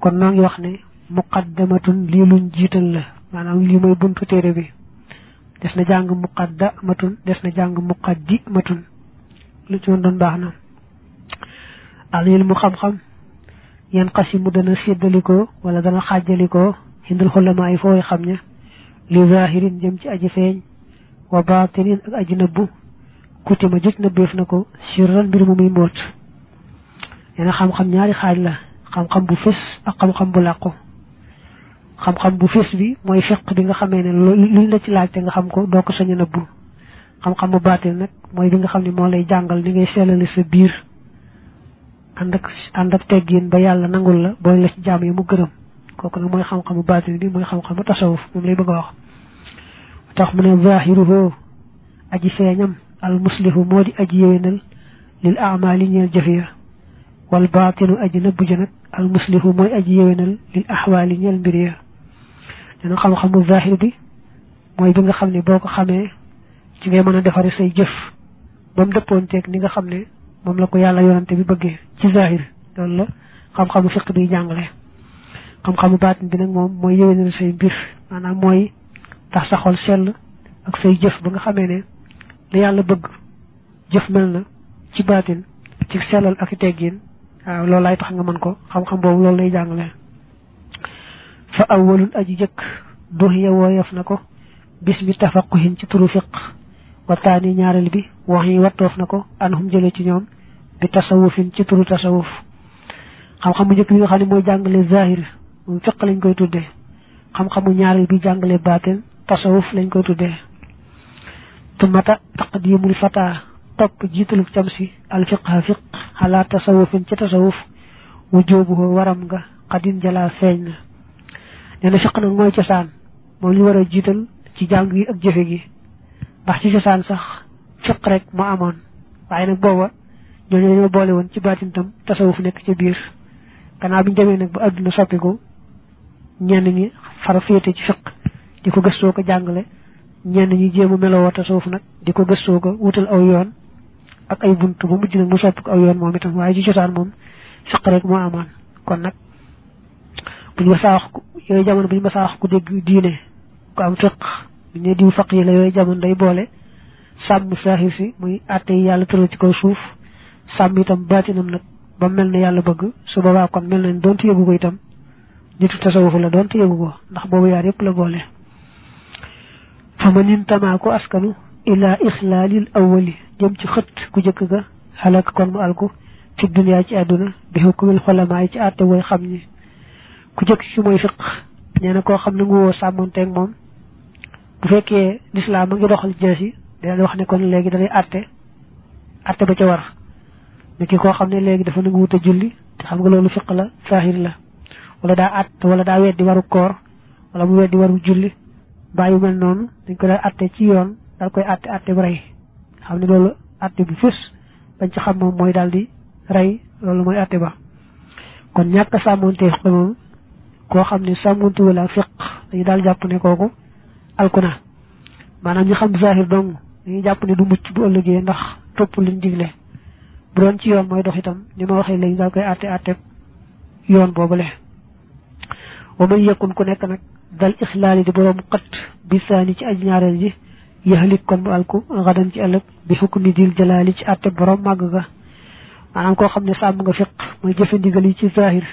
kon noo ngi wax ne muqaddamatun lii luñ jiital la maanaam lii mooy buntu téere bi des na jàng muqaddamatun def na jàng muqaddimatun lu ci woon doon baax na al ilmu xam-xam yan qasimu dana séddalikoo wala dana xaajalikoo hindul xulamaa yi fooy xam ña li zahirin jëm ci aji feeñ wa batinin ak aji nëbbu kutima jot nëbbeef na ko sirran mbir mu muy mbóot nee na xam ñaari xaaj la xam-xam bu fés ak xam-xam bu làqu xam-xam bu fés bi mooy fiq bi nga xamee ne luñ la ci laajte nga xam ko doo ko sañ a nëbbu xam-xam bu baatil nag mooy bi nga xam ne moo lay jàngal ni ngay sellale sa biir ànd ak ànd ak teggin ba yàlla nangul la booy la ci jaam yi mu gërëm kooku nag mooy xam xam bu baatil bi mooy xam xam bu tasawuf moom lay bëgg a wax tax mu ne zahiruhu aji feeñam al muslihu moo di aji yeenal lil amali ñeel jëf wal baatilu aji nëbbu bu nag al muslihu mooy aj aji yéwénal lil axwaali ñeel mbir ya dana xam-xamu zahir bi mooy bi nga xam ne boo ko xamee ci ngay mën a defari say jëf ba mu dëppoonteeg ni nga xam ne moom la ko yàlla yonante bi bëggee ci zahir loolu la xam-xamu fiq bi jàngale xam mu baatin bi nag moom mooy yéwénal say mbir maanaam mooy tax sa xol sell ak say jëf ba nga xamee ne la yàlla bëgg jëf mel na ci baatin ci sellal ak teggin waaw loolu lay tax nga mën ko xam-xam boobu loolu lay jàngale fa awwalun aji jëkk duhiya woyef na ko bismi tafaquhin ci turu fiq wa taani ñaareel bi wax yi wattoof na anhum jële ci ñoom bi tasawufin ci turu tasawuf xam-xam bu njëkk bi nga xam ne zahir mu fiq lañ koy tuddee xam-xamu ñaareel bi jàngale baatin tasawuf lañ koy tuddee tumata taqdimul fataa topp jiitalu cam si alfiqha fiq ala tasawufin ca tasawuf wujoobu waram nga xadin jala feeñ na nee na fiq nag mooy cosaan moom li war a jiital ci jàng yi ak jëfe gi ndax ci cosaan sax fiq rek moo amoon waaye nag booba ñooñu dañoo boole woon ci baatintam tasawuf nekk ci biir gannaaw bi ñu demee nag bu adduna soppiku ñenn ñi fara féete ci fiq di ko gëstoo ko jàngale ñenn ñi jéem a melowoo tasawuf nag di ko gëstoo ko wutal aw yoon ak ay bunt ba mujj nag mu sopp ko aw yoon moom itam waaye ji cosaan moom fiq rek moo amoon kon nag buñ ma saa wax yooyu jamono buñ ma saa wax ku dégg diine ku am fiq bu ñu diw faq yi la yooyu jamono day boole sàmm saaxir si muy àtte yi yàlla tëral ci kaw suuf sàmm itam baatinam nag ba mel ne yàlla bëgg su boobaa kon mel nañ doonte yëgu ko itam nitu tasawuf la doon doonte yëgu ko ndax boobu yaar yëpp la boole fa ma nin tamaa ko askanu ilaa ixlaalil awwali jëm ci xët ku jëkk ga xalaak kon mu alku fi duniyaa ci àdduna bi hukmil xulamaa yi ci àtte way xam ñi ku jëkk ci mooy fiq nee na koo xam ne nguwoo sàmmonteeg moom bu fekkee lislaam a ngi doxal jees yi dina wax ne kon léegi danay àtte àtte ca war ne ki xam ne léegi dafa nangu wut a julli te xam nga loolu fiq la saahir la wala daa at wala daa weddi waru koor wala mu weddi waru julli bàyyi mel noonu dañ ko daa àtte ci yoon daal koy àtte àtte bu rey xam ne loolu àtte bu fës bañ ci moom mooy daal di rey loolu mooy àtte ba kon ñàkk a sàmmonte fiq moom koo xam ne sàmmonte wala fiq dañu daal jàpp ne kooku alkuna maanaam ñu xam zahir dong dañuy jàpp ne du mucc bu ndax topp liñ digle bu doon ci yoon mooy dox itam ni ma waxee léegi daal koy àtte àtte yoon boobule wa man yakun ku nekk nag dal islaali di borom xët bi saani ci aj ñaareel ji yaxlik kon mu alku xadan ci ëllëg bi xukmi dil jalaali ci àtte borom màgg ga maanaam koo xam ne sàmm nga fiq mooy jëfe ndigal ci zahir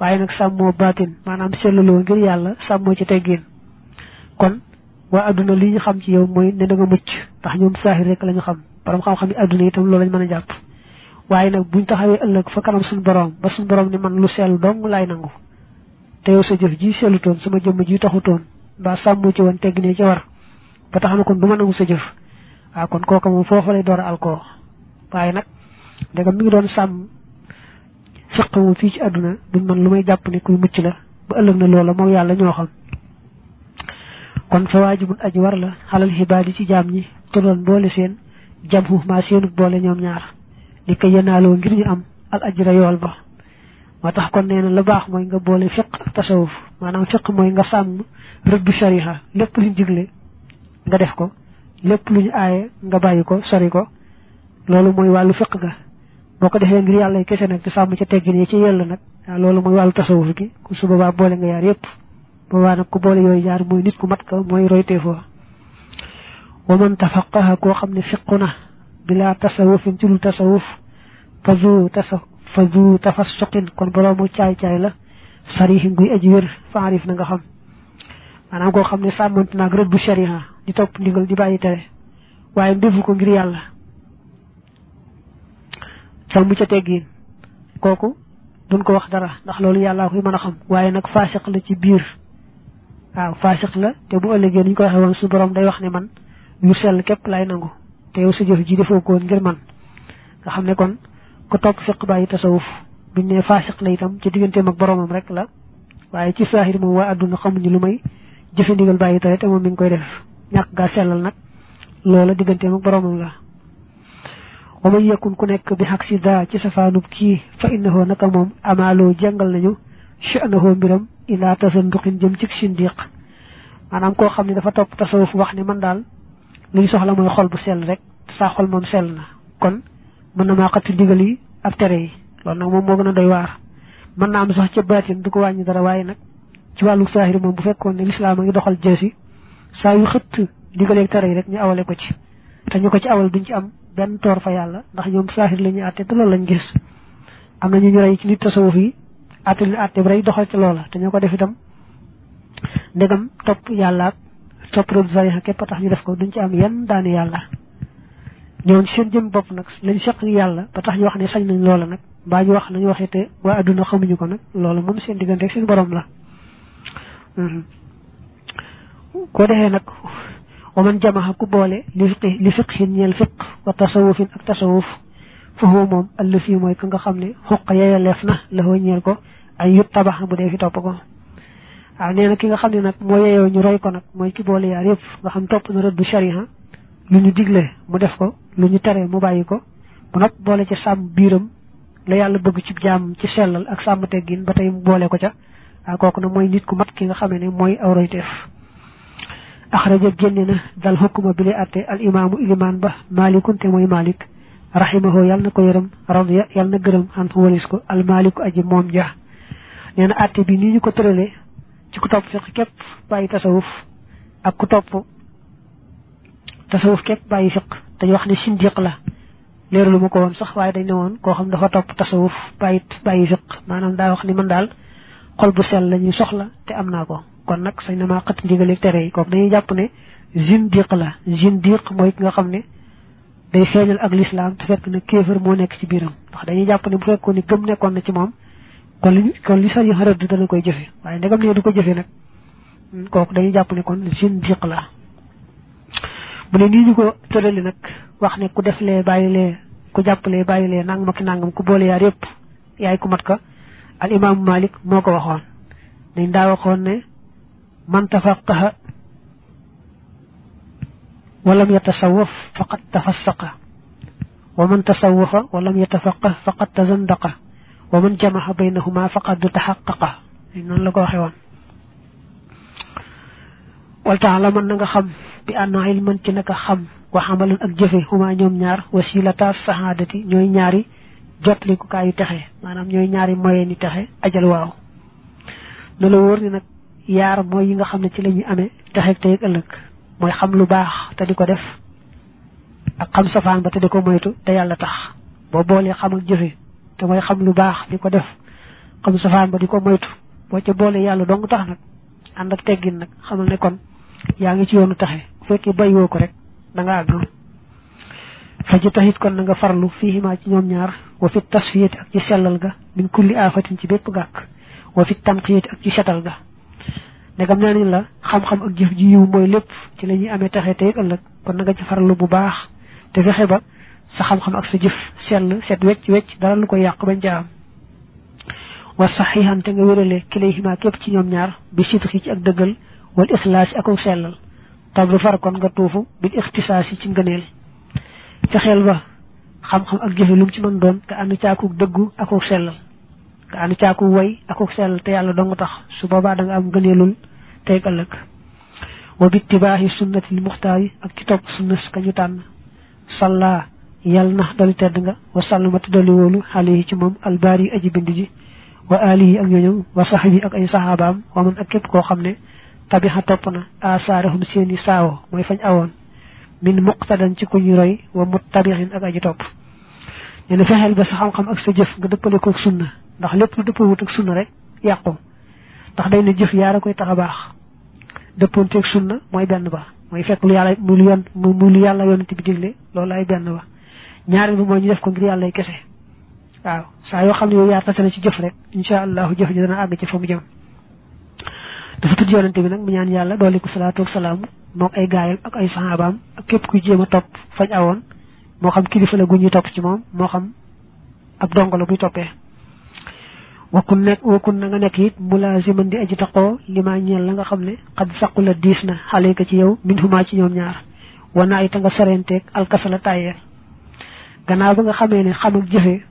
waaye nag sàmmoo baatin maanaam sellaloo ngir yàlla sàmmoo ci teggin kon waa adduna li ñu xam ci yow mooy ne da nga mucc ndax ñoom zahir rek la ñu xam borom xam-xam yi adduna itam loolu lañ mën a jàpp waaye nag buñ taxawee ëllëg fa kanam suñu borom ba suñu borom ni man lu sell dong laay nangu te yow sa jëf ji sellutoon sama jëmm ji taxutoon mbaa sàmmoo ci woon tegg ne ba taxana kon duma nangu sa jëf wa ah, kon koka mom fofu lay dora alko waye nak daga mi ngi doon sam fiqhu fi ci aduna du man lumay japp ni kuy mucc la ba ëlëm na loolu mo yalla ñoo xam kon fa wajibul aji la halal hibadi ci jam ñi to doon boole seen jamhu ma seen boole ñoom ñaar di ka yenaaloo ngir ñu am al ajra yool ba tax kon neena la bax moy nga boole fiq tasawuf manam fiq moy nga sam rubbu shariha lepp diglé nga def ko lépp lu ñu aaye nga bàyyi ko sori ko loolu mooy wàllu fiq ga boo ko defee ngir yàlla kese nag te sàmm ca teggin yi ci yell nag waaw loolu mooy wàllu tasawuf gi ku su boobaa boole nga yaar yépp boobaa nag ku boole yooyu yaar mooy nit ku mat ka mooy royteefoo wa man tafaqaha koo xam ne fiqu na bilaa tasawufin ci dul tasawuf fazu tasa fazu tafassuqin kon boroomu caay-caay la sarihin guy aji wér faarif na nga xam maanaam koo xam ne sàmmante naag rëdd di topp ndigal di bàyyi tere waaye defu ko ngir yàlla tam mu ca teggiin kooku duñ ko wax dara ndax loolu yàllaa koy mën a xam waaye nag faasiq la ci biir waaw faasiq la te bu ëllëgee ni koy ko waxee woon su borom day wax ne man yu sell képp laay nangu te yow sa jëf ji defoo ko ngir man nga xam ne kon ku topp fiq bàyyi tasawuf buñ ne faasiq la itam ci digganteem ak boromam rek la waaye ci saahir moom waa àdduna xamuñu lu may jëfe ndigal bàyyi tere te moom mi ngi koy def ñak ga selal nak loola digënté ak borom la wa may yakun ku nek bi haksi da ci safanub ki fa innahu naka mom amalo jangal nañu sha'nahu biram ila tasanduqin jëm ci sindiq manam ko xamni dafa top tasawuf wax ni man dal li soxla moy xol bu sel rek sa xol mom sel na kon man na ma xati digal ak tere yi lool nak mom mo gëna doy war man na am sax ci batin du ko wañi dara way nak ci walu sahir mom bu fekkone l'islam nga doxal jësi sa yu xëtt digaleeg tere yi rek ñu awale ko ci te ñu ko ci awal duñ ci am ben tor fa yàlla ndax ñoom sahir lañu atté àtte te loolu lañ gis am na ñu ñu ray ci nit tasawuf yi atté lu atté bi doxal ci loola te ñoo ko def itam ndegam yalla yàlla topp zay ha képp tax ñu def ko duñ ci am yenn daani yàlla ñoom seen jëm bopp nag lañ seq yàlla ba tax ñu wax ne sañ nañ loola nag ñu wax nañu waxee te waa aduna xamuñu ko nag loolu moom seen diggante seen borom la mhm. ko defé nak nag man jamaha ku bolé li fiqi li fiqhin ñeel fiqh wa tasawuf ak tasawuf fa huwa mom allëf moy ko nga xamné ne xuq lefna la ho ñeel ko ay yut tabax bu defi top ko a neena ki nga xamné nak moy yeyo ñu roy ko nak moy ki bolé yar yef nga xam top na rabbu shariha lu ñu digle mu def ko lu ñu tere mu bayiko mu nak bolé ci sam biiram la yàlla bëgg ci jàmm ci sellal ak sam teggin batay mu bolé ko ca kooku nag moy nit ku mat ki nga xamee moy awroy def أخرج جننا ذا الحكم بلي أتي الإمام الإيمان به مالك تموي مالك رحمه يلنا كيرم رضي يلنا قرم أنه وليسكو المالك أجي موم جا نينا أتي بني نيكو ترلي جي كتاب فيق كيب باي تصوف أك كتاب تصوف كيب باي فيق تجي وخني شنديق لا ليرو لما كوان صح واي دي نوان كو خم دفا طب تصوف باي باي فيق ما نم دا وخني من دال قلب سيال لني صخلا تأمناكو kon nak sayna ma maa xat ndigal tere ko dañu japp ne zindiq la zindiq moy nga xamne day feeñal ak l'islam te fekk na kéfer mo nek ci biram wax dañu japp ne bu fekkoon ni gëm nekkoon na ci mom kon li kon li sañ xaradu dana koy jëfe waaye ndegam ne du ko jëfe nag kooku dañu japp ne kon zindiq la bu ne ni ñu ko tërali nak wax ne ku def lee bàyyi ku jàppalee bàyyi lee nangam ak nangam ku boole yar yëpp yaay ku mat ka al imam malik moko ko waxoon dañ daa waxoon ne من تفقه ولم يتصوف فقد تفسق ومن تصوف ولم يتفقه فقد تزندق ومن جمع بينهما فقد تحقق ان لا خيوان ولتعلم ان خم بان علم تنك خم وحمل اك هما نيوم نيار وسيله السعاده نيوي نياري جوتلي كو كاي تخه مانام نيوي نياري مويني تخه اجل واو دلو ورني نك yaar mooy yi nga xam ne ci la ñuy amee texeeg tey ëllëg mooy xam lu baax te di ko def ak xam safaan ba te di ko moytu te yàlla tax boo boolee xam ak jëfe xam lu baax di ko def xam safaan di ko moytu boo ca boolee yàlla dong tax nag ànd ak teggin nag xamal ne kon yaa ngi ci yoonu taxe bu fekkee bàyyiwoo ko rek da nga àgg fa ci taxit kon na nga farlu fiihimaa ci ñoom ñaar wa fi tasfiyati ak ci sellal ga min kulli ci bépp gàkk wa fi tamqiyati ak ci setal ga ndegam nee nañ la xam-xam ak jëf ji yiw mooy lépp ci la ñuy amee taxe tey ëllëg kon na nga ci farlu bu baax te fexe ba sa xam-xam ak sa jëf sell set wecc wecc dara lu koy yàq bañ caa wa saxihan te nga wérale kilayhima képp ci ñoom ñaar bi sidqi ci ak dëggal wal ixlaas ak ak sellal tablu far kon nga tuufu bil ixtisaas yi ci ngëneel fexeel ba xam-xam ak jëfe lu ci mën doon nga ànd caakuk dëggu ak sellal nga ànd caaku way akuk sell te yàlla doo dong tax su boobaa da nga am gëneelul tey ëllëg wa bittibaahi sunnatil muxtaari ak ci topp sunna ka ñu tànn salla yàlla na doli tedd nga wa sallamati doli wóolu xale yi ci moom albaari yi aji bind ji wa ali yi ak ñooñu wa saxbi ak ay saxaabaam wa man ak képp koo xam ne tabixa topp na asaarahum seeni saawo mooy fañ awoon min muqtadan ci ku ñu roy wa mut tabixin ak aji topp nee na fexeel ba sa xam-xam ak sa jëf nga dëppale ndax lépp lu dëppoo wut ak sunna rek ndax day jëf yaar koy tax a baax dëppoonteeg sunna mooy benn ba mooy fekk lu yàlla muy lu yoon lu yàlla yonent bi digle loolu ay benn ba ñaar bi mooy ñu def ko ngir yàlla kese waaw saa yoo xam ne yow yaar tase na ci jëf rek incha allahu jëf ji dana àgg ci fa mu jëm dafa tudd yonente bi nag mu ñaan yàlla doole ko salaatu wa salaam mook ay gaayam ak ay saxaabaam ak képp kuy jéem a topp fañ awoon moo xam kilifa la gu ñuy topp ci moom moo xam ab dongo la buy toppee wakkun nekk wakkun na nga nekk it mulaasiman di aji taqoo li maa ñeel la nga xam ne xad saqu la diis na xaleyka ci yow min xumaa ci ñoom ñaar wa naa yi ita nga sorenteeg alkasala tàyyeel gannaaw ba nga xamee ne xam ak jëfee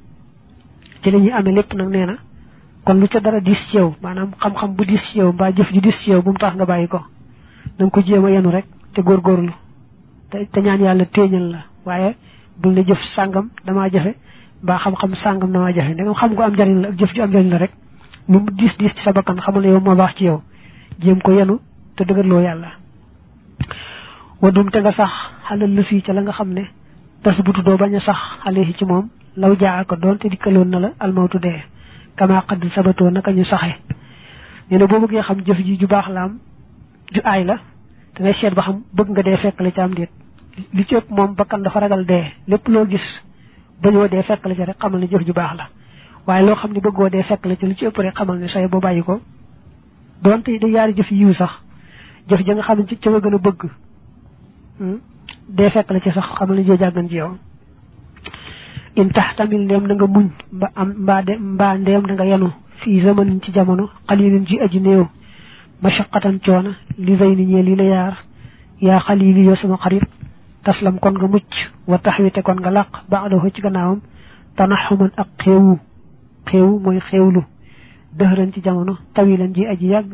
ci la ñuy lépp nag nee na kon lu ca dara diis ci yow maanaam xam bu diis ci yow mbaa jëf ju diis ci yow bu mu tax nga bàyyi ko na nga ko jéem a yenu rek te góorgóorlu te te ñaan yàlla téeñal la waaye bul ne jëf sàngam damaa jafe ba xam-xam sàngam na maa jafe ndegam xam gu am jariñ la jëf ju am jariñ la rek lu mu diis diis ci sa bakkan xamal yow moo baax ci yow jéem ko yenu te dëggaloo yàlla wadum te nga sax xalal la fii ca la nga xam ne tas butu doo sax xale ci moom law jaa ko doonte dikkaloon na la almawtu dee kama xadd sabatoo naka ñu saxe nee ne boo bëggee xam jëf ji ju baax la am ju aay la dangay seet ba xam bëgg nga dee fekk la ca am déet li ci ëpp moom bakkan dafa ragal dee lépp loo gis bañoo dee fekk la ci rek xamal ne jëf ju baax la waaye loo xam ne bëggoo dee fekk la ci lu ci ëpp rek xamal ne say boo bàyyi ko donte da yaari jëf yiw sax jëf janga nga xam ne ci ca nga gën a bëgg hmm, dee fekk la ci sax xamal ne joo jàggan ci yow in tax tamit ndeem nga muñ mba am mbaa de mbaa da nga yenu fi zamanin ci jamono xalilin ji aji néew mashaqatan coona li zay ni ñeel yi la yaar yaa xalili yoo sama xarit taslam kon nga mucc wa taxwite kon nga laq ba'dahu ci gannaawam tanaxuman ak xewu xewu mooy xewlu dehran ci jamono tawilan ji aji yag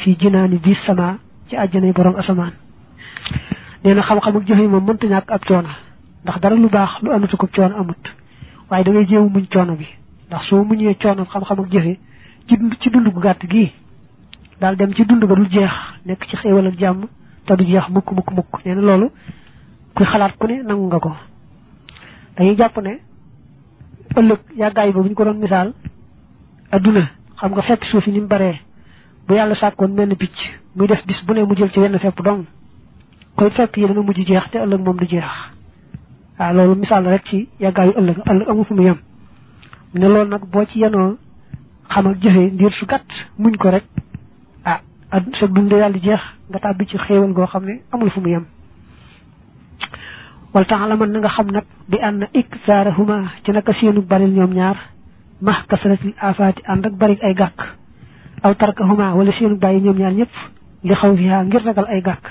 fi jinaani di sama ci àjjanay borom asaman neena xam-xam ak jëfe moom mënta ñak ak coono ndax dara lu baax lu amatu ko amut waye da ngay jéewu muñ coono bi ndax muñ ye coono xam-xam ak jëfe ci ci dund gu gatt gi dal dem ci dund ba du jeex nek ci xewal ak jamm ta du jeex mukk mukk mukk neena lolu ku xalaat ku ne nangu nga ko dañuy jàpp ne ëllëg yàggaay ba bu ñu ko doon misaal adduna xam nga fekk suuf yi ni mu baree bu yàlla sàkkoon benn picc muy def bis bu ne mu jël ci wenn fepp dong koy fekk yi dana mujj jeex te ëllëg moom du jeex waaw loolu misaal la rek ci yàggaayu ëllëg ëllëg amu fu mu yem ne loolu nag boo ci yenoo xam ak jëfee ndiir su gàtt muñ ko rek ah sa dund daal di jeex nga tàbbi ci xéewal goo xam ne amul fu mu yem wal taala mën na nga xam nag bi ànd iksaarahuma ci naka seenu baril ñoom ñaar ma kasratil afaati ànd ak bari ay gàkk aw tarkahuma wala seenu bàyyi ñoom ñaar ñëpp li xaw fiha ngir ragal ay gàkk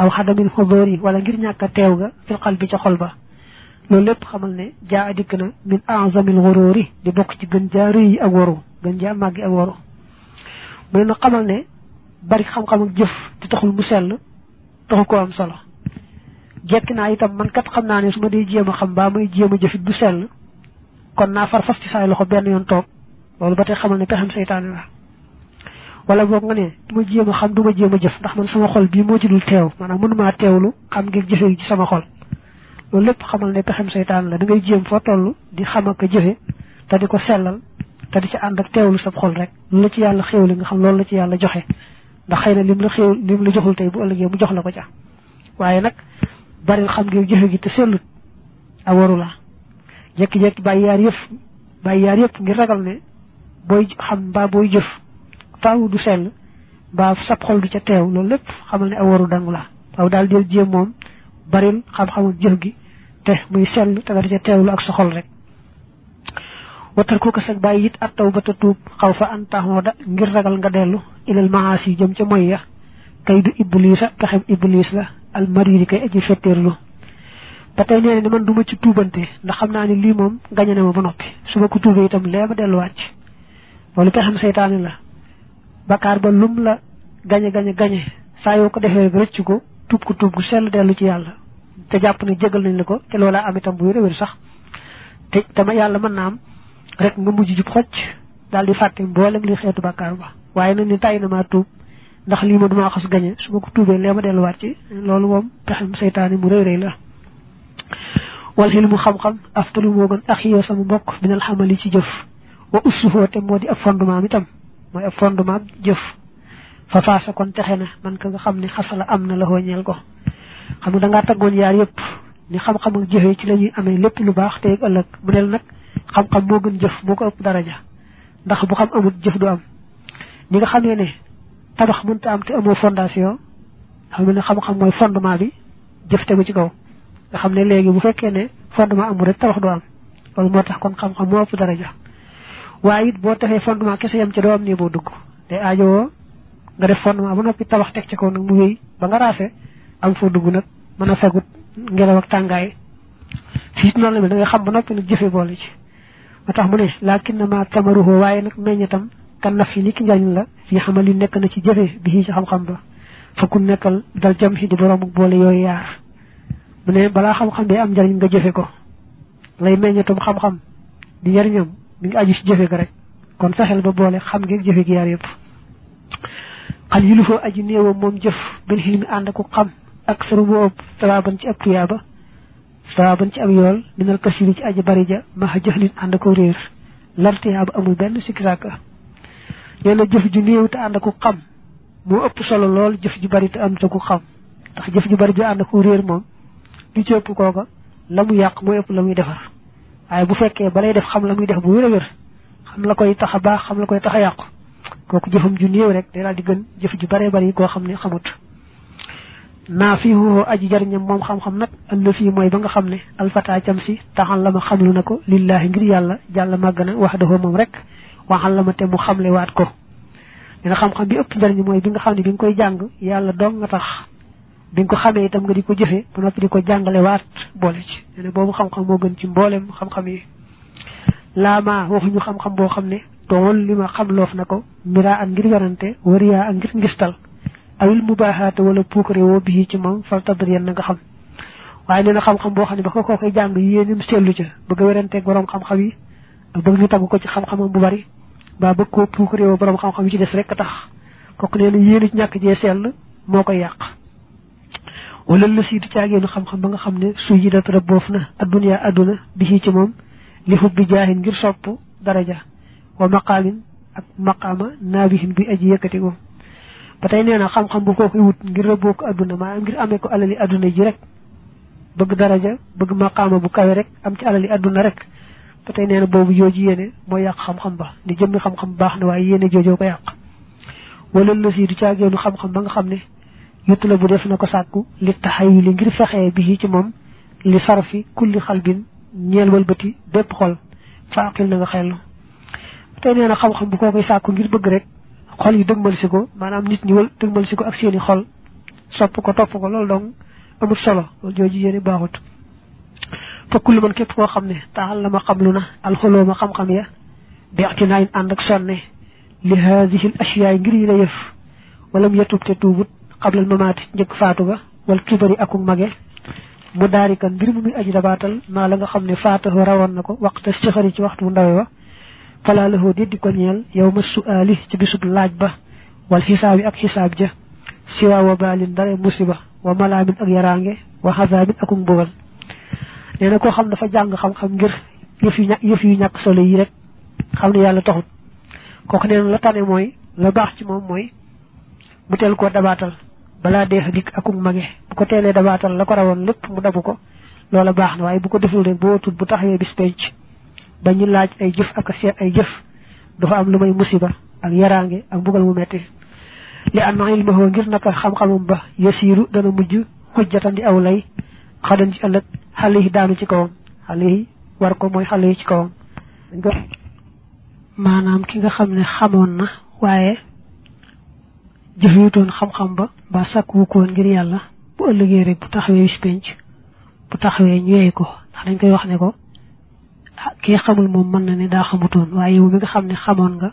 aw xadamin xoboor yi wala ngir ñàkk teew ga fil xal bi ca xol ba loolu lépp xamal ne jaa dikk na min azamil waroori di bokk ci gën jaa rëy ak waru gën jaa màggi ak waru mu ne na xamal ne bari xam-xam ak jëf di taxul mu sell taxu ko am solo jekki naa itam man kat xam naa ne su ma dee jéem a xam baa may jéem a jëfit du sell kon naa far fas ci saay loxo benn yoon toog loolu ba tey xamal ne pexem seytaane la wala boog nga ne du ma jéem a xam du ma jéem a jëf ndax man sama xol bii moo ci dul teew maanaam mënumaa teewlu xam ngir jëfe ci sama xol loolu lépp xamal ne pexem seytaane la da ngay jéem foo toll di xam ak a jëfe te di ko sellal te di ci ànd ak teewlu sa xol rek lu ci yàlla xew li nga xam loolu la ci yàlla joxe ndax xëy na lim la xéw lim la joxul tey bu ëllëgee mu jox la ko ca waaye nag bari xam ngi jëfe gi te sellut a waru la jekki-jekki bàyyi yaar yëf bàyyi yaar yëpp ngir ragal ne booy xam mbaa booy jëf faaw du sell ba sab xol du ca teew loolu lépp xamal ne a waru dangu la waaw daal del jéem moom baril xam-xamul jëf gi te muy sell te nga ca teewlu ak sa xol rek watal kooka sag bàyyi it at taw ba ta tuub xaw fa an taxoo da ngir ragal nga dellu ilal maas yi jëm ca moy ya kaydu iblisa taxem iblis la al marid kay aji fetterlu patay neene man duma ci tubante ndax xamna ni li mom gañe na ma ba nopi suba ko tubé itam leba delu wacc wala ka setan la bakar ba lum la gañe gañe gañe sa yo ko defé recc ko tub ko tub gu sel delu ci yalla te japp ni jegal nañ la ko te lola am itam bu wer sax te tama yalla man nam rek nga mujj jub xoc dal di fatte mbolem li xetu bakar ba waye na ni tay ma ndax li lii ma duma xas gañe su ma ko tuubee lee ma delluwaat ci loolu mom pexem seytaane mu reuy reuy la wal hilmu xam-xam aftalu mo gën axiyo sama bin al hamali ci jëf wa ussuhoo te modi di ab fondement itam mooy ab fondement jëf fa faasa kon taxena man ka nga xamni ne xasala am na la hooñeel ko xam nga da nga tagoon yaar yëpp ni xam-xam ak jëfé ci lañuy amé lépp lu baax té ak ëlëk bu del nak xam-xam moo gën jëf moo ko ëpp daraja ndax bu xam amut jëf du am ñi nga xamé ne tabax mënta am te amoo fondation xam nga xam-xam mooy fondement bi jëf tegu ci kaw nga xam ne léegi bu fekkee ne fondement amul rek tabax du am loolu moo tax kon xam-xam moo ëpp ja waaye it boo taxee fondement kese yam ci doom ni boo dugg day aajowoo nga def fondement ba noppi tabax teg ci kaw nag mu wéy ba nga raase am foo dugg nag mën a fegut ngelaw ak tàngaay fiit noonu la mel da nga xam ba noppi nag jëfe boole ci ma tax mu ne lakin na tamaruhu waaye nag meññatam kan naf yi ni ki njariñ la fi xamal yi nekk na ci jëfe bi ci xam-xam ba fakku nekkal dal jam si di boroomu boole yooyu yaar mu ne balaa xam-xam day am njariñ nga jëfe ko lay meññatum xam-xam di njariñam mi ngi aju ci jëfe ga rek kon fexeel ba boole xam ngeeg jëfe gi yaar yëpp xal yi lu fa aji moom jëf bil xilmi ànd ak xam ak sëru bu ëpp sawaban ci ab tuyaaba sawaban ci ab yool minal kasiri ci aj bari ja ma jëxlin ànd ko réer lartiyaa nee na jëf ju néew te ànd ak xam moo ëpp solo lool jëf ju bari te ànd ak xam ndax jëf ju bari ju ànd ak réer moom du ci ëpp kooka la mu yàq mooy ëpp la muy defar waaye bu fekkee balay def xam la muy def bu wér a xam la koy tax a baax xam la koy tax a yàqu kooku jëfam ju néew rek day daal di gën jëf ju baree bari koo xam ne xamut naa fi woo aji jariñam moom xam-xam nag ëllëg fii mooy ba nga xam ne alfata cam si taxan la ma xamlu na ko lillaahi ngir yàlla jàll màgg wax dafa moom rek waxal la ma te mu xamle waat ko dina xam-xam bi ëpp njëriñ mooy bi nga xam ne bi nga koy jàng yàlla dong nga tax bi nga ko xamee itam nga di ko jëfee ba noppi di ko jàngale waat boole ci boobu xam-xam gën ci mboolem xam-xam yi laamaa waxuñu xam-xam boo xam ne tool li ma xam loof na ko mira ak ngir werante wariyaa ak ngir ngistal awil mubaaxaate wala puukare woo bii ci moom fal tadr yen na nga xam waaye nee na xam-xam boo xam ne ba ko koo koy jàng yéenim seetlu ca bëgg a weranteeg borom xam-xam yi ak bëgg ñu tagg ko ci xam xam bu bari ba bëgg koo puuk réew borom xam-xam yi ci des rek tax kooku nee na yéen ci ñàkk jee sell moo koy yàq wala la siitu caageenu xam-xam ba nga xam ne su yi dat rabboof na adduniyaa adduna bi ci ci moom li fub bi jaahin ngir sopp daraja wa maqaamin ak maqama naabihin bi aji yëkkati ko ba tey nee na xam-xam bu kooku wut ngir rëbboo ko adduna maanaam ngir amee ko alali adduna ji rek bëgg daraja bëgg maqaama bu kawe rek am ci alali adduna rek patay neena bobu joji yene moy yak xam xam ba ni jëmmi xam xam baax na way yene jojo ko yak wala lu ci du ci agenu xam xam ba nga xamne yuttu la bu def nako sakku li tahayyul ngir fexé bi ci mom li sarfi kulli khalbin ñeel wal beuti bepp xol faqil na nga xel tay neena xam xam bu ko koy sakku ngir bëgg rek xol yi dëgmal ci ko manam nit ñi wal dëgmal ci ko ak seeni xol sopp ko top ko lol dong amu solo joji yene baxut te kullu man képp koo xam ne taxal la ma xam lu na alxoloo ma xam-xam ya beexti naayin ànd ak sonne li haadihi l asiyaay ngir yi la yëf walam yatub te tuubut xablal mamaati njëkk faatu ga wal kibari akuk mage mu daarikan mbir mu muy aji dabaatal maa la nga xam ne faataho rawoon na ko waxta sëxari ci waxtu bu ndawe wa falaa lahoo déddi ko ñeel yow ma suaali ci bisub laaj ba wal xisaabi ak xisaab ja siwaa wa baalin dara musiba wa malaamin ak yaraange wa xasaabin akum mbugal nee koo xam dafa jàng xam-xam ngir yëf yu ña yëf ñàkk solo yi rek xam ne yàlla taxut kooku nee na la tane mooy la baax ci moom mooy mu teel koo dabaatal balaa dee fa ak akum mage bu ko teelee dabaatal la ko rawoon lépp mu dabu ko loola baax na waaye bu ko deful rek boo tut bu taxawee bis penc ba laaj ay jëf ak ay jëf dafa am lu may musiba ak yaraange ak mbugal mu metti li an ilmahu ngir naka xam-xamam ba yasiiru dana mujj xujjatan di aw lay xadan ci ëllëg xale yi daanu ci kawam xale yi war ko mooy xale yi ci kawam maanaam ki nga xam ne xamoon na waaye jëfewutoon xam-xam ba ba sàkkuwu ko ngir yàlla bu ëllëgee rek bu tax bis penc bu taxawee ñu yey ko ndax dañ koy wax ne ko ah, kii xamul moom mën na ni daa xamutoon waaye yow mi nga xam ne xamoon nga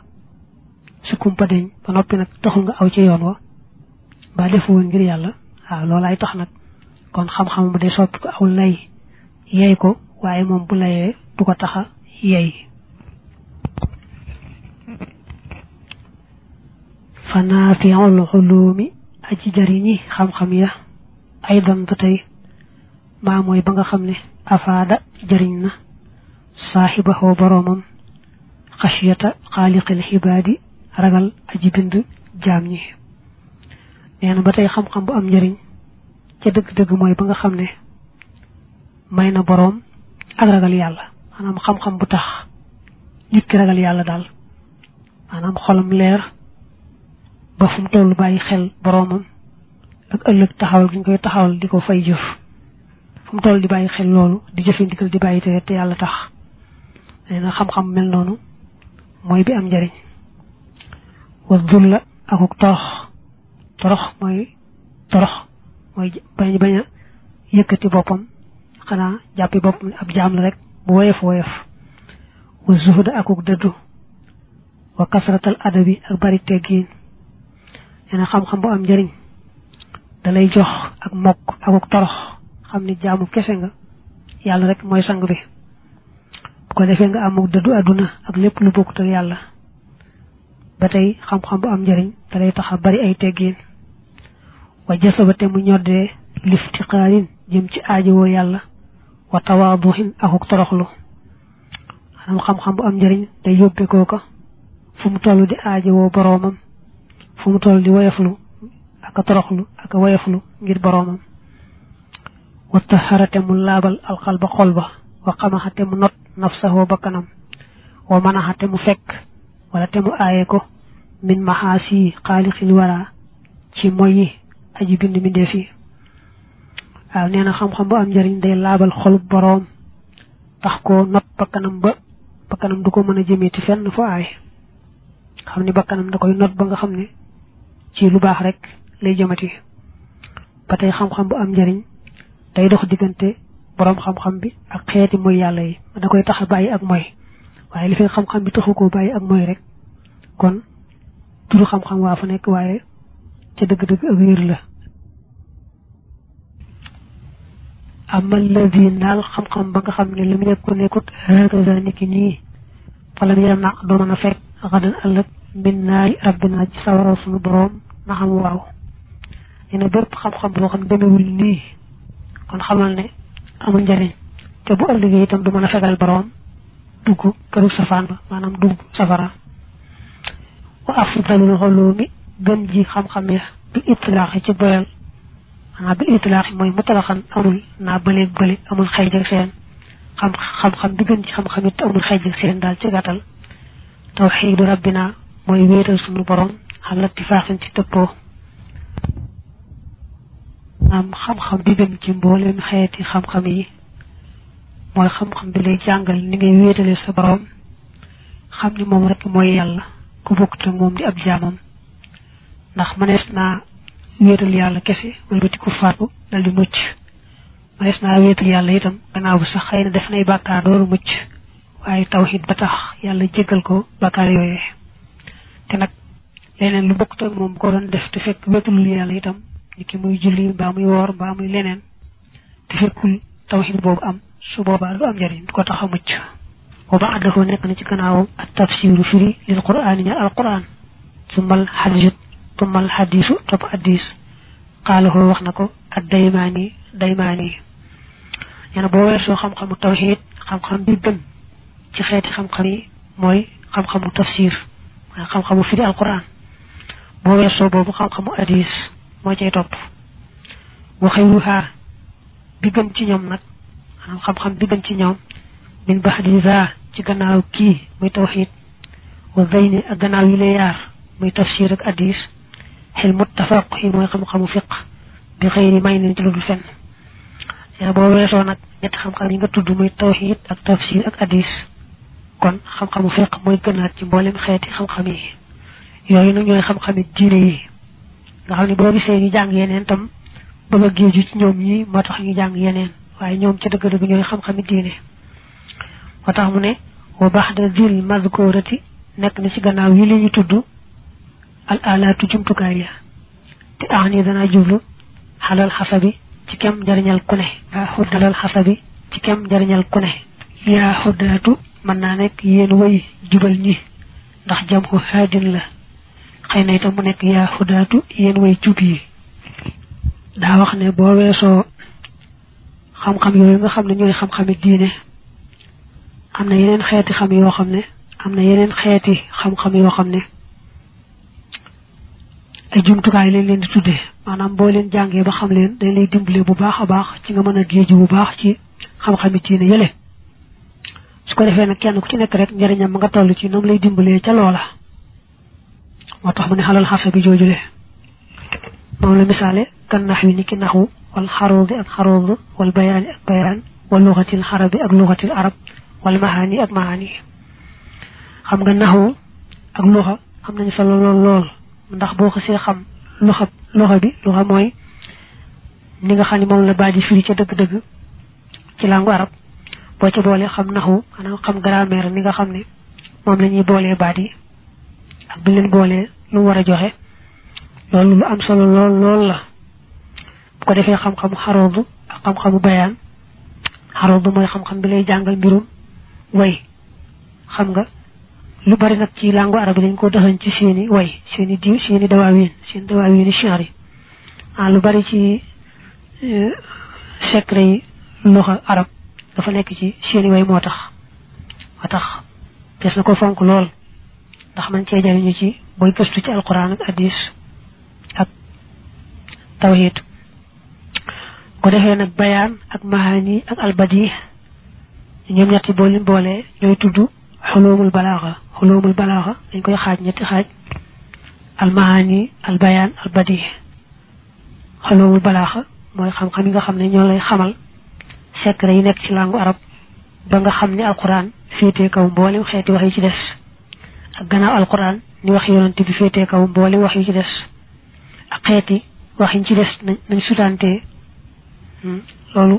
su kumpa deñ ba noppi nag taxul nga aw ci yoon wa ba defu woon ngir yàlla waaw loolaay tax nag kon xam-xam bu dee soppiku aw lay yey ko waaye moom bu layee du ko taxa yey fanaafiul xuluumi aji jariñi xam-xam ya ay dan ba tey maa mooy ba nga xam ne afaada jariñ na saaxibahoo boroomam xasiyata xaaliqil xibaadi ragal aji bind jaam ñi nee na ba tey xam-xam bu am njariñ ca dëgg-dëgg mooy ba nga xam ne may na boroom ak ragal yàlla maanaam xam-xam bu tax nit ki ragal yàlla daal maanaam xolam leer ba fu mu toll bàyyi xel boroomam ak ëllëg taxawal gi ñu koy taxawal di ko fay jëf fu mu toll di bàyyi xel loolu di jëfe ndigal di bàyyi tere te yàlla tax nee na xam-xam mel noonu mooy bi am njariñ wa dulla akuk torox torox mooy torox moy bañ baña yëkëti boppam xana jàppi boppam ab jaam la rek bu woyef woyef wa zuhud akuk dëddu wa kasratal adabi ak bari teggin yana xam xam bu am njariñ dalay jox ak mokk akuk torox xam ni jaamu kese nga yàlla rek mooy sang bi ko defee nga amuk dëddu aduna ak lépp lu bokkut ak yàlla ba tey xam-xam bu am njariñ dalay tax bari ay teggin wa jasabate mu ñodde liftiqarin jëm ci aajo yàlla wa tawaaduhin akuk toroxlu xam xam-xam bu am njëriñ day yóbbe kooka fu mu toll di aajowoo boroomam fu mu toll di woyaflu ak toroxlu ak woyaflu ngir boroomam wa taharate mu laabal alxalba xol ba wa xamaxate mu not nafsahoo bakkanam wa manaxate mu fekk wala te mu aaye ko min maxaasi xaaliqil wara ci moyi aji bind mbindeef yi waaw nee na xam-xam bu am njëriñ day laabal xol boroom tax koo not bakkanam ba kanam du ko mën a jëmee fenn fu aay xam ba kanam da koy not ba nga xam ne ci lu baax rek lay jëmati ba tey xam-xam bu am njëriñ day dox diggante borom xam-xam bi ak xeeti mooy yàlla yi da koy tax a bàyyi ak mooy waaye li fay xam-xam bi taxu koo bàyyi ak mooy rek kon turu xam-xam waa fa nekk waaye ca dëgg-dëgg ak wér la amal ladi naal xam-xam ba nga xam ne li mu nekk nekkut hakaza niki nii falam ya naq doo mën a fekk xadan ëllëg min naari rabbina ci sawara suñu borom na xam waaw ñu ne bépp xam-xam boo xam demewul nii kon xamal ne amul njariñ te bu ëllëgee itam du mën a fegal borom dugg këru safaan ba maanaam dugg safara wa afdalul xoloomi gën ji xam-xam ya bi itlaaxi ci doyal xanaa bi itlaaxi mooy mutalaxan amul naa bëleeg bële amul xëy ak seen xam xam-xam bi gën ci xam-xam it amul xëy ak seen daal ci gàttal tawxiidu rabbina mooy wéetal suñu borom xala tifaaxin ci tëppoo am xam-xam bi gën ci mbooleem xeeti xam-xam yi mooy xam-xam bi lay jàngal ni ngay wéetale sa borom xam ni moom rek mooy yàlla ku bokk te moom di ab jaamam ndax manes naa wéetal yàlla kese mooy ci ku faatu dal di mucc manes naa wéetal yàlla itam gannaaw bu sax xëy na def nay bàkkaar dooru mucc waaye tawhid ba tax yàlla jéggal ko bàkkaar yooyee te nag leneen lu bokk toog moom ko doon def te fekk wéetalul yàlla itam ni ki muy julli mbaa muy woor mbaa muy leneen te fekkul tawhid boobu am su boobaa du am njariñ du ko tax a mucc وبعده نكن ci gannaaw at tafsir firi lil qur'an ya al qur'an sumal hadith ثم الحديث توب حديث قاله wax nako ad daymani daymani yana bo wesso xam xamu tawhid xam xam bi gën ci xéti xam xam yi moy xam xamu tafsir xam xamu firi alquran bo wesso bobu xam xamu hadith mo cey top wa khayruha bi gën ci ñom nak manam xam xam bi gën ci ñom min bahdiza ci gannaaw ki muy tawhid wa zayni ak gannaaw yi le yar muy tafsir ak hadith xilmut muttafaq yi moy xam-xamu fiq bi xeyr may nañ ci fen ya bo weso nak ñet xam xam-xam yi nga tuddu muy tawhid ak tafsir ak hadith kon xam-xamu fiq moy gëna ci mbolim xeeti xam-xam yi yooyu nu ñoy xam xam diine yi nga xam ne boo gisee ñu jàng yeneen tam ba ba géeju ci ñoom yi ma tax ñu jàng yeneen waye ñoom ci dëgg-dëgg ñoy xam xam diine moo tax mu ne wa baxda dhil mazkurati nek na ci gannaaw yi li ñu tuddu al alatu jumtukaay ya te aani dana jublu xalal xasabi ci kem jariñal ku ne yaa xudd xasabi ci kem jariñal ku ne yaa xuddaatu mën naa nekk yéen way jubal ñi ndax jam ku haadin la xëy na itam mu nekk yaa xuddaatu yéen way jub yi daa wax ne boo weesoo xam-xam yooyu nga xam ne ñooy xam-xami diine am na yeneen xeeti xam yoo xam ne am na yeneen xeeti xam-xam yoo xam ne ay jumtukaay lañ leen di tuddee maanaam boo leen jàngee ba xam leen dañ lay dimbale bu baax a baax ci nga mën a géeju bu baax ci xam-xami diine yële su ko defee nag kenn ku ci nekk rek njëriñam ma nga toll ci noom lay dimbalee ca loola moo tax mu ne xalal xarfe bi joojule moom la misaale kan nax wi ni ki naxu wal xaroodi ak xaroodi wal bayaani ak bayaan wal luxatil xarabi ak luxatil arab wal mahaani ak mahaani xam nga naxu ak luxa am nañu solo lool lool ndax boo xasee xam loxo loxo bi loxo mooy ni nga xam ne moom la baaji firi ca dëgg-dëgg ci langu arab boo ca boole xam naxu maanaam xam grammaire ni nga xam ne moom la ñuy boolee baat yi ak bu leen boolee lu war a joxe loolu lu am solo lool lool la bu ko defee xam-xam xaroobu ak xam-xamu bayaan xaroobu mooy xam-xam bi lay jàngal mbirum way xam nga lu bari nak ci langue arabe dañ ko doxal ci seeni way seeni diw seeni dawawin seen dawawin shari ah lu bari ci secret yi loxa arab dafa nekk ci seeni way moo tax wa tax des na ko fonk lool ndax man cee jariñu ci booy gëstu ci alquran ak hadis ak tawhid ko defee nag bayaan ak mahani ak albadi ñoom ñetti boo leen boolee ñooy tudd xulumul balaaxa ulumul balaaxa dañ koy xaaj ñetti xaaj al maani al bayaan al badi ulumul balaaxa mooy xam-xam yi nga xam ne ñoo lay xamal secret yi nekk ci langu arab ba nga xam ne alquran féetee kaw mboolem xeeti wax yi ci des ak gannaaw alquran ni wax yonante bi féetee kaw mboolem wax yi ci des ak xeeti wax yi ci des nañ sutantee loolu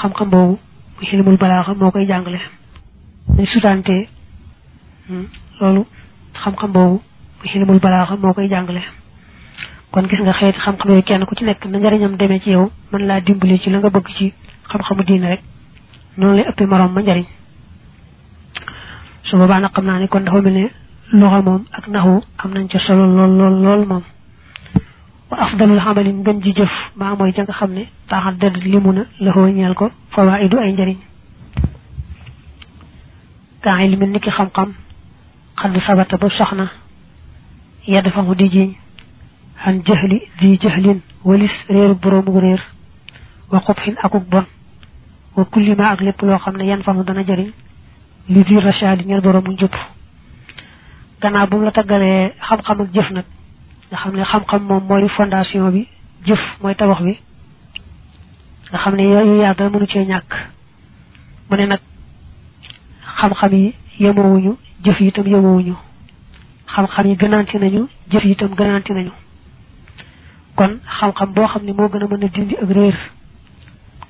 xam-xam boobu muy xilmul balaaxa moo koy jàngale nañ sutantee loolu xam-xam boobu bu xilmul balaaxa moo koy jàngale kon gis nga xeeti xam-xam yooyu kenn ku ci nekk na njariñam demee ci yow mën laa dimbali ci la nga bëgg ci xam-xamu diine rek noonu lay ëppee morom ma njariñ su boobaa nag xam naa ne kon dafa mel ne loxo moom ak naxu am nañ ca solo lool lool lool moom wa afdalul xamalin gën ji jëf maa mooy ja nga xam ne taaxal dëdd limu na la xoo ñeel ko fawaa idu ay njariñ kaa ilmin niki xam-xam xad bu sabata bu soxna ya dafa mu di jiñ an di jahlin walis reeru borom bu reer wa qubhin akuk bon wa kulli ma ak lepp lo xamne yan famu dana jariñ li di rashad ñal borom mu jup gannaaw bu la tagale xam xam ak jëf nak nga xamne xam xam mom moy fondation bi jëf moy tabax bi nga xamne yoyu yaag mënu ci ñak mu nak xam xam yi yemoowuñu jëf yi itam yemoowuñu xam-xam yi gënaanti nañu jëf yitam itam gënaanti nañu kon xam-xam boo xam ne moo gën a mën a dindi ak réer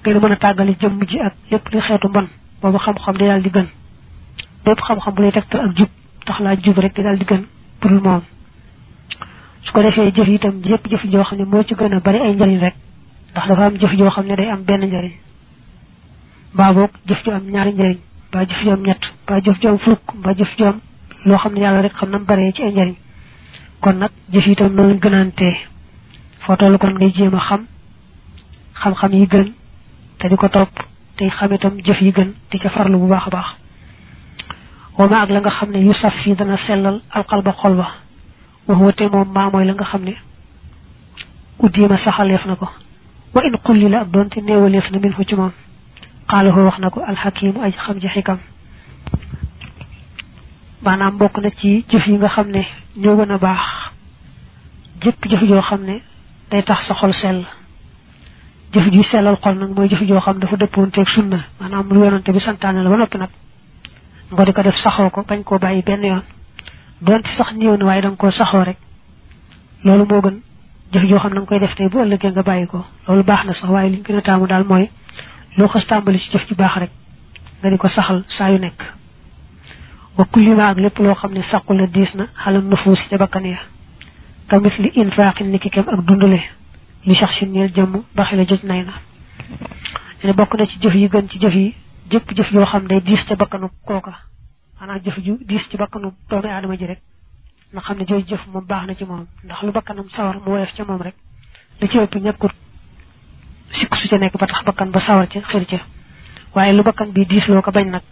gën mën a tàggale jëmm ji ak lépp li xeetu mbon boobu xam-xam day daal di gën bépp xam-xam bu lay tegtal ak jub tax laa jub rek day daal di gën pour moom su ko defee jëf itam yëpp jëf joo xam ne moo ci gën a bari ay njariñ rek ndax dafa am jëf joo xam ne day am benn njariñ baa boog jëf ju am ñaari njariñ baa jëf ju ñett ba jëf joom fukk ba jëf joom loo xam ne yàlla rek xam na mu bare ci ay njariñ kon nag jëf itam noonu gënante foo toll kon ngay jéem a xam xam-xam yi gën te di ko topp te xam itam jëf yi gën di ca farlu bu baax a baax wama ak la nga xam ne yu saf yi dana sellal alqalba xol ba wax wate moom maa mooy la nga xam ne uddiima saxaleef na ko wa in xulli la ab doonte néewaleef na min fu ci moom xaalahu wax na ko alxakimu aj xam ji xikam maanaam bokk na ci jëf yi nga xam ne ñoo gën a baax jëpp jëf joo xam ne day tax sa xol sell jëf ju sellal xol nag mooy jëf joo xam dafa dëppoonteeg sunna maanaam lu yonante bi santaane la ba noppi nag nga di ko def saxoo ko bañ koo bàyyi benn yoon doonte sax néew yoon waaye danga nga koo saxoo rek loolu moo gën jëf joo xam na nga koy def tey bu ëllëgee nga bàyyi ko loolu baax na sax waaye li gën a taamu daal mooy loo xas tàmbali ci jëf ju baax rek nga di ko saxal saa yu nekk wa kulli ma ak lépp loo xam ne saqu la diis na xalal nufuus ca bakkan ya kamis li infaqin niki kem ak dundale li sax si ñeel jëmm baxila joj nay na ne bokk na ci jëf yi gën ci jëf yi jëpp jëf yoo xam day diis ca bakkanu kooka xanaa jëf ju diis ci bakkanu doomi aadama ji rek na xam ne jooju jëf moom baax na ci moom ndax lu bakkanam sawar mu woyof ca moom rek li ci ëpp ñàkkut sikk su ca nekk ba tax bakkan ba sawar ca xir ca waaye lu bakkan bi diis loo ko bañ nag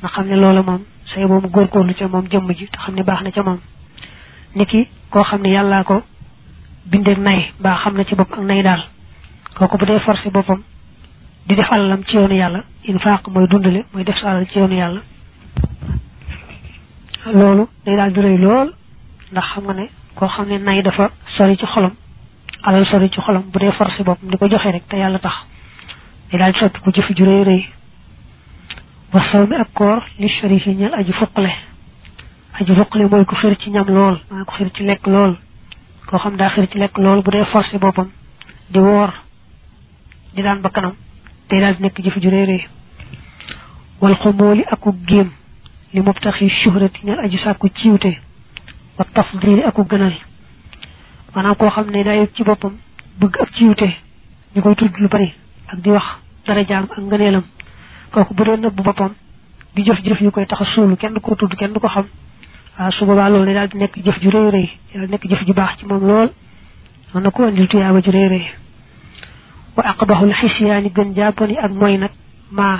nga xam ne loola moom say moom góorgóorlu ca moom jëmm ji te xam ne baax na ca moom niki koo xam ne yàllaa ko bindee nay ba xam na ci bopp ak nay daal kooku bu dee forcé boppam di def alalam ci yoonu yàlla infaq mooy dundale mooy def sa alal ci yoonu yàlla loolu day daal di rëy ndax xam nga ne koo xam ne nay dafa sori ci xolam alal sori ci xolam bu dee forcé boppam di ko joxe rek te yàlla tax day daal di soppi ko jëf ju rëy wa sawmi ab koor li sharif yi ñeel aju fuqale aju fuqale mooy ku xër ci ñam lool maa ko xër ci lekk lool koo xam daa xër ci lekk lool bu dee forcé boppam di woor di daan ba kanam day daal di nekk jëf ju réerée wal xumooli aku géem li mubtaxi shuhrati ñeel aju sàkku ciwte wa tafdili aku gënal maanaam koo xam ne daa yëg ci boppam bëgg ab ciwte ñu koy tudd lu bari ak di wax dara jaam ak ngëneelam kooku bu doon nëbb boppam di jëf jëf yu koy tax a suulu kenn du ko tudd kenn du ko xam waaw su boobaa loolu daal di nekk jëf ju rëy rëy daal nekk jëf ju baax ci moom lool mën na ko andil tuyaaba ju rëy rëy wa aqbahul xisyaani gën jàppani ak mooy nag maa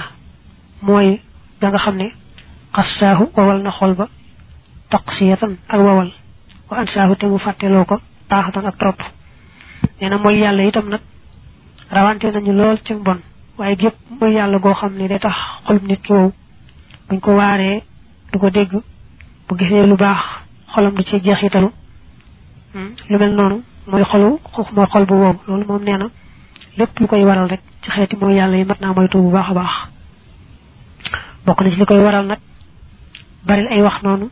mooy da nga xam ne xassaahu wawal na xol ba taqsiyatan ak wawal wa ansaahu te mu fàtteloo ko taaxatan ak trop nee na mooy yàlla itam nag rawante nañu lool ci mbon waye gépp mooy yalla go xamni ne day tax xolum nit wow buñ ko waré du ko dégg bu gisee lu bax xolam du ci jeexitalu hmm. lu mel non moy xolu xox mo xol bu wow loolu moom nee lepp lépp lu koy waral rek ci xeeti moy yalla yi mat moy to bu baxa bax baax bokk ci likoy waral nak baril ay wax noonu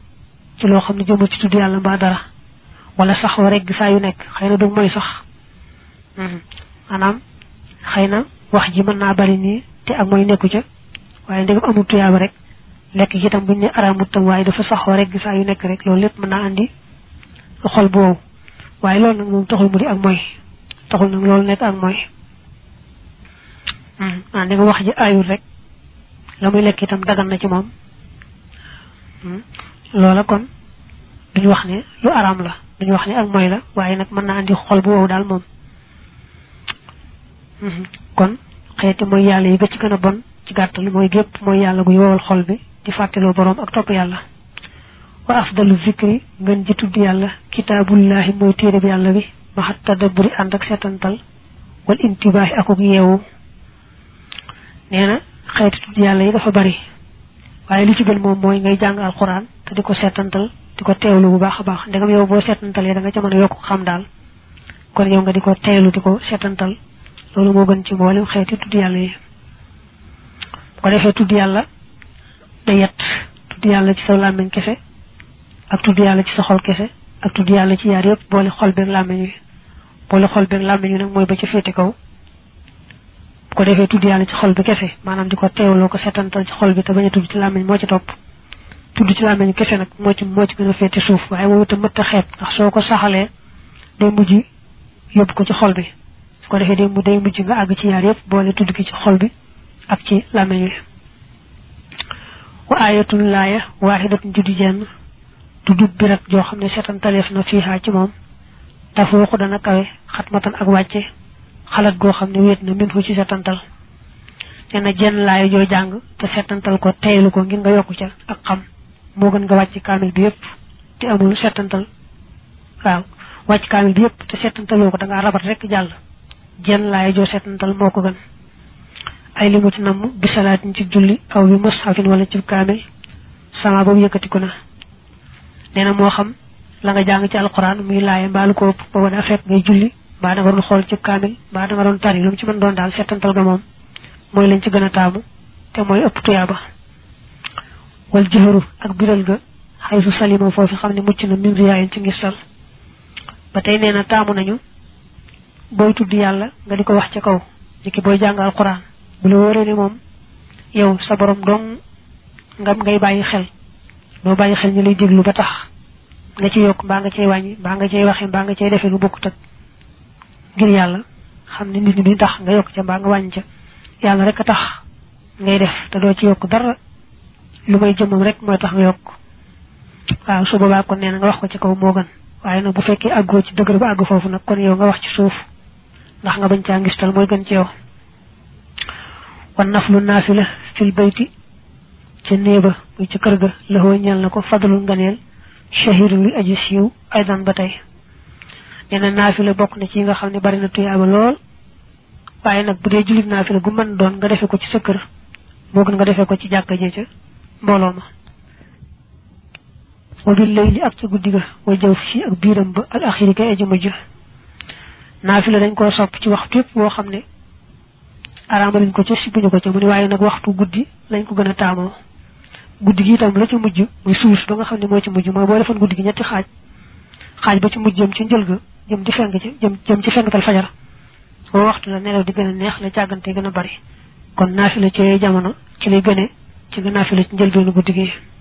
ci lo xamni ne jëmul ci tudd yàlla mbaa dara wala sax rek regg yu nek xeyna du moy sax hmm anam xeyna wax ji mën naa bari nii te ak mooy nekku ca waaye ndegam amul tuyaaba rek lekk ci tam buñ ne araamut tam waaye dafa saxoo rek saa yu nekk rek loolu lépp mën naa andi xol boobu waaye loolu nag moom taxul mu di ak mooy taxul nag loolu nekk ak mooy ah ndegam wax ji ayul rek la muy lekk itam dagan na ci moom loola kon duñu wax ne lu aram la duñu wax ne ak mooy la waaye nag mën naa andi xol bu wow daal moom kon xeeti moy yàlla yi ga ci gën bon ci gàttal moy gépp moy yàlla guy yowal xol bi di fatelo borom ak top yàlla wa afdalu zikri ngeen ji tuddi yàlla kitabullah mooy téere bi yàlla bi maxat tadabburi ànd ak setantal wal intibah ak yeewu yew neena xeeti tuddi yàlla yi dafa bari waye li ci gën mom moy ngay jàng alquran te diko setantal diko tewlu ko teewlu bu baax a baax ndegam yow setantal ya da nga ci mën a yokk xam dal kon yow nga diko tewlu diko setantal lolu mo gën ci mboolem xéti tuddi yalla yi ko defé tuddi yalla da yett tuddi yalla ci sa làmmiñ kefe ak tuddi yalla ci sa xol kese ak tuddi yalla ci yar yépp boole xol beeg làmmiñ wi boole xol beeg làmmiñ wi nak moy ba ci fété kaw ko defé tuddi yalla ci xol bi kefe manam diko téw teewloo ko setantal ci xol bi te baña tuddi ci làmmiñ mo ci top tuddi ci làmmiñ kefe nak mo ci mo ci gëna fété suuf waye moom itam mëta a xeeb ndax soo ko day mujj yóbbu ko ci xol bi ko dem bu dem bu ci nga ag ci yaar yépp boole tudd ki ci xol bi ak ci lamay wi wa ayatun laaya wahidatun juddi jenn du dub bi rek joo xam ne setan talef na fiihaa ci moom tafooxu dana kawe xatmatan ak wàcce xalat goo xam ne wéet na minhu ci setantal neena jenn laaya joo jàng te setantal ko teylu ko ngir nga yokku ca ak xam moo gën nga wàcc kaamil bi yépp te amul setantal waaw wàcc kaamil bi yépp te setantaloo ko da ngaa rabat rek jàll jenn laay joo seetantal moo ko gën ay li mu ci namm bi ci julli aw bi mushafin wala ci kaamil sama mu yëkkatiku na nee na moo xam la nga jàng ci alquran muy laaye mbaalu ko ba wane a fekk ngay julli mbaa da doon xool ci kaamil mbaa da nga doon tari lu mu ci mën doon daal seetantal ga moom mooy lañ ci gën a taamu te mooy ëpp tuyaaba wal jëhëru ak biral ga xay su salima foofu xam ni mucc na min riyaayin ci ngistal ba tey ne na taamu nañu boy tuddi yalla nga di wax ci kaw niki boy jang alquran bu la ni mom yow sa borom dong nga ngay bayyi xel do bayyi xel ñu lay déglu ba tax nga ci yok ba nga ci wañi ba nga ci waxe ba nga ci defee lu bokkut ak ngir yalla xam ne nit ñi tax nga yok ci ba nga wañ ci yalla rek tax ngay def te do ci yok dara lu may jëm rek moy tax nga yok waaw su kon neena nga wax ko ci kaw mo gën waye nag bu fekke aggo ci deugur ba aggo fofu nak kon yow nga wax ci suuf ndax nga bañ ca ngistal moy gën ci yow wan naflu nafila fil bayti ci neeba muy ci kër ga la ho ñal nako fadlu nganeel shahir li aji siiw aydan batay neena nafila bokk na ci nga xamne bari na tuyaaba lool waaye nag bu dee julit nafila gu mën doon nga defe ko ci sa kër moo gën nga defe ko ci jàkka jee ca mbooloo ma wa bil layli ak ci guddi ga wa jaw fi ak biiram ba al axiri kay aji mujj Nafile dañ koo sopp ci waxtu yëpp woo xam ne araamaluñ ko ca sibbuñu ko ca mu ni waaye nag waxtu guddi lañ ko gën a taamoo guddi gi itam la ci mujj muy suus ba nga xam ne moo ci mujj mooy boo defoon guddi gi ñetti xaaj xaaj ba ci mujj jëm ci njël ga jëm ci feng ci jëm jëm ci fengtal fajar boo waxtu la nelaw di gën a neex la jàggante gën a bari kon naafila ci yooyu jamono ci lay gëne ci nga naafila ci njëlbeenu guddi gi